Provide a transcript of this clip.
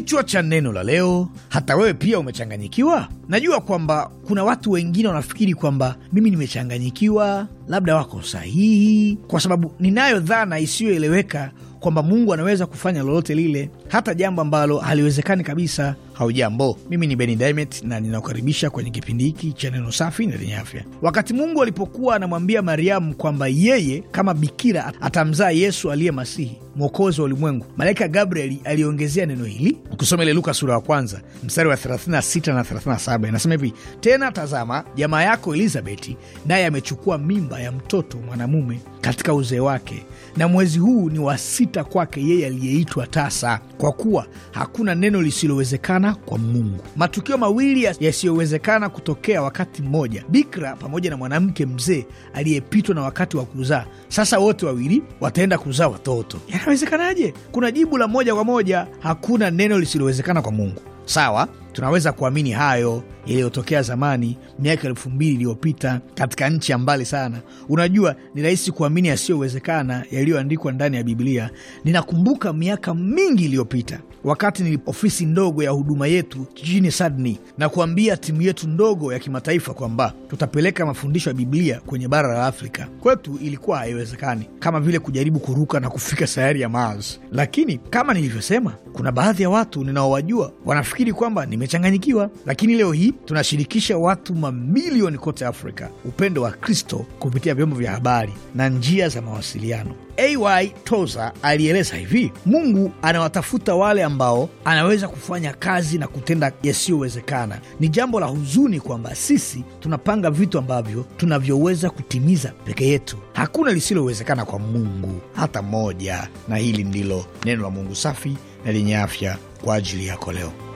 Kichwa cha neno la leo: hata wewe pia umechanganyikiwa. Najua kwamba kuna watu wengine wanafikiri kwamba mimi nimechanganyikiwa, labda wako sahihi, kwa sababu ninayo dhana isiyoeleweka kwamba Mungu anaweza kufanya lolote lile, hata jambo ambalo haliwezekani kabisa. Haujambo, mimi ni Beni Dimet na ninakukaribisha kwenye kipindi hiki cha neno safi na lenye afya. Wakati Mungu alipokuwa anamwambia Mariamu kwamba yeye kama bikira atamzaa Yesu aliye Masihi, mwokozi wa ulimwengu. Malaika Gabrieli aliongezea neno hili, ukisoma ile Luka sura ya kwanza mstari wa 36 na 37, inasema hivi: tena tazama, jamaa yako Elizabeti naye amechukua mimba ya mtoto mwanamume katika uzee wake, na mwezi huu ni wa sita kwake yeye aliyeitwa tasa, kwa kuwa hakuna neno lisilowezekana kwa Mungu. Matukio mawili yasiyowezekana kutokea wakati mmoja, bikra pamoja na mwanamke mzee aliyepitwa na wakati wa kuzaa. Sasa wote wawili wataenda kuzaa watoto inawezekanaje? Kuna jibu la moja kwa moja, hakuna neno lisilowezekana kwa Mungu. Sawa, Tunaweza kuamini hayo yaliyotokea zamani, miaka elfu mbili iliyopita katika nchi ya mbali sana. Unajua, ni rahisi kuamini yasiyowezekana yaliyoandikwa ndani ya Biblia. Ninakumbuka miaka mingi iliyopita, wakati ni ofisi ndogo ya huduma yetu jijini Sydney, na kuambia timu yetu ndogo ya kimataifa kwamba tutapeleka mafundisho ya Biblia kwenye bara la Afrika. Kwetu ilikuwa haiwezekani, kama vile kujaribu kuruka na kufika sayari ya Mars. Lakini kama nilivyosema, kuna baadhi ya watu ninaowajua wanafikiri kwamba ni nimechanganyikiwa, lakini leo hii tunashirikisha watu mamilioni kote Afrika upendo wa Kristo kupitia vyombo vya habari na njia za mawasiliano. AY Toza alieleza hivi: Mungu anawatafuta wale ambao anaweza kufanya kazi na kutenda yasiyowezekana. Ni jambo la huzuni kwamba sisi tunapanga vitu ambavyo tunavyoweza kutimiza peke yetu. Hakuna lisilowezekana kwa Mungu hata moja, na hili ndilo neno la Mungu safi na lenye afya kwa ajili yako leo.